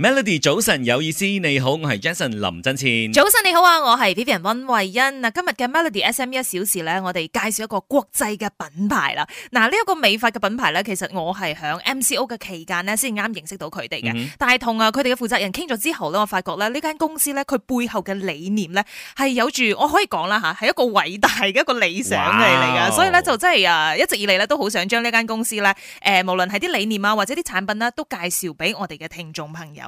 Melody 早晨有意思，你好，我係 Jason 林振倩。早晨你好啊，我係 Vivian 溫慧欣。嗱，今日嘅 Melody SME 一小時咧，我哋介紹一個國際嘅品牌啦。嗱、啊，呢、這、一個美髮嘅品牌咧，其實我係響 M C O 嘅期間呢先啱認識到佢哋嘅。Mm -hmm. 但係同啊佢哋嘅負責人傾咗之後咧，我發覺咧呢間公司咧，佢背後嘅理念咧係有住，我可以講啦吓，係一個偉大嘅一個理想嚟噶、wow。所以咧就真係啊，一直以嚟咧都好想將呢間公司咧，誒、呃，無論係啲理念啊或者啲產品啦、啊，都介紹俾我哋嘅聽眾朋友。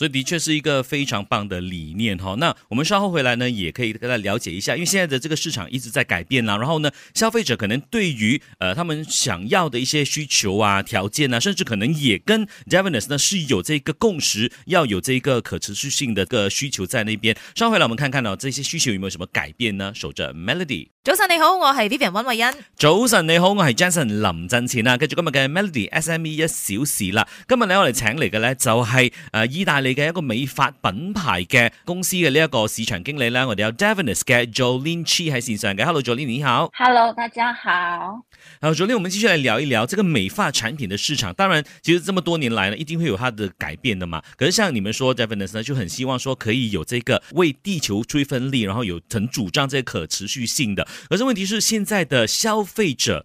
所以的確是一個非常棒的理念哈。那我們稍後回來呢，也可以跟大家了解一下，因為現在的這個市場一直在改變啦。然後呢，消費者可能對於，呃，他們想要的一些需求啊、條件啊，甚至可能也跟 d e v i n u s 呢是有這個共識，要有這個可持續性的個需求在那邊。稍後回來我們看看哦、啊，這些需求有沒有什麼改變呢？守着 Melody，早晨你好，我係 Vivian 温慧恩。早晨你好，我係 Jason 林振前啊。跟住今日嘅 Melody SME 一小時啦。今日呢，我哋請嚟嘅咧就係、是、呃意大利。嘅一個美髮品牌嘅公司嘅呢一個市場經理咧，我哋有 Devinus 嘅 Jolene Che 喺線上嘅，Hello Jolene 你好，Hello 大家好。好，昨天我們繼續來聊一聊這個美髮產品的市場。當然，其實這麼多年來呢，一定會有它的改變的嘛。可是，像你們說 Devinus 呢，就很希望說可以有這個為地球出一份力，然後有很主張這個可持續性的。可是，問題是現在的消費者。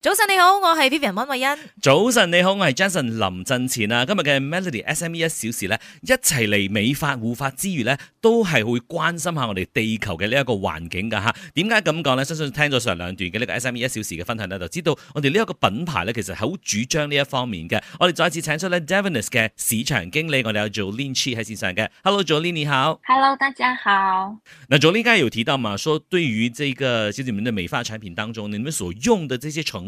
早晨你好，我係 Vivian 溫慧欣。早晨你好，我係 Jason 林振前啊。今日嘅 Melody S M E 一小時咧，一齊嚟美髮護髮之餘咧，都係會關心下我哋地球嘅呢一個環境噶吓。點解咁講呢？相信聽咗上兩段嘅呢個 S M E 一小時嘅分享咧，就知道我哋呢一個品牌咧，其實係好主張呢一方面嘅。我哋再一次請出咧 Devinus 嘅市場經理，我哋有 Jolene Chi 喺線上嘅。Hello，Jolene 你好。Hello，大家好。那 Jolene 剛剛有提到嘛，說對於這個小姐面嘅美髮產品當中，你們所用的這些成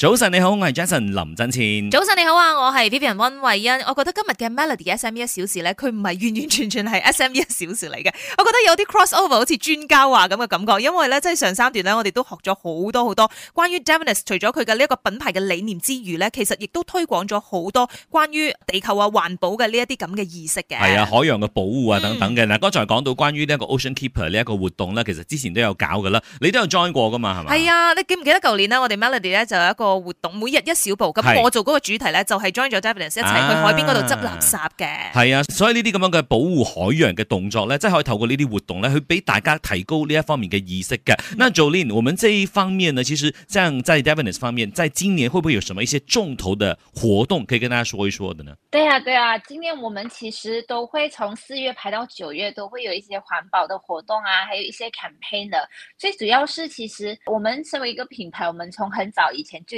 早晨你好，我係 Jason 林振千。早晨你好啊，我係 Vivian 温慧欣。我覺得今日嘅 Melody SME 一小時咧，佢唔係完完全全係 SME 一小時嚟嘅。我覺得有啲 cross over，好似專家話咁嘅感覺。因為咧，即係上三段咧，我哋都學咗好多好多關於 Diamonds，除咗佢嘅呢一個品牌嘅理念之餘咧，其實亦都推廣咗好多關於地球啊環保嘅呢一啲咁嘅意識嘅。係啊，海洋嘅保護啊、嗯、等等嘅。嗱，剛才講到關於呢一個 Ocean Keeper 呢一個活動咧，其實之前都有搞噶啦，你都有 join 過噶嘛係咪？係啊，你記唔記得舊年呢？我哋 Melody 咧就有一個。個活動每日一小步咁，我做嗰個主題咧就係、是、join 咗 Devinance 一齊去海邊嗰度執垃圾嘅。係啊，啊，所以呢啲咁樣嘅保護海洋嘅動作咧，即係可以透過呢啲活動咧去俾大家提高呢一方面嘅意識嘅，嗯。那 Jolin 我們這一方面呢，其實像在 Devinance 方面，在今年會不會有什麼一些重頭嘅活動可以跟大家說一說的呢？對啊，對啊，今年我們其實都會從四月排到九月，都會有一些環保嘅活動啊，還有一些 campaign。最主要是，其實我們身為一個品牌，我們從很早以前就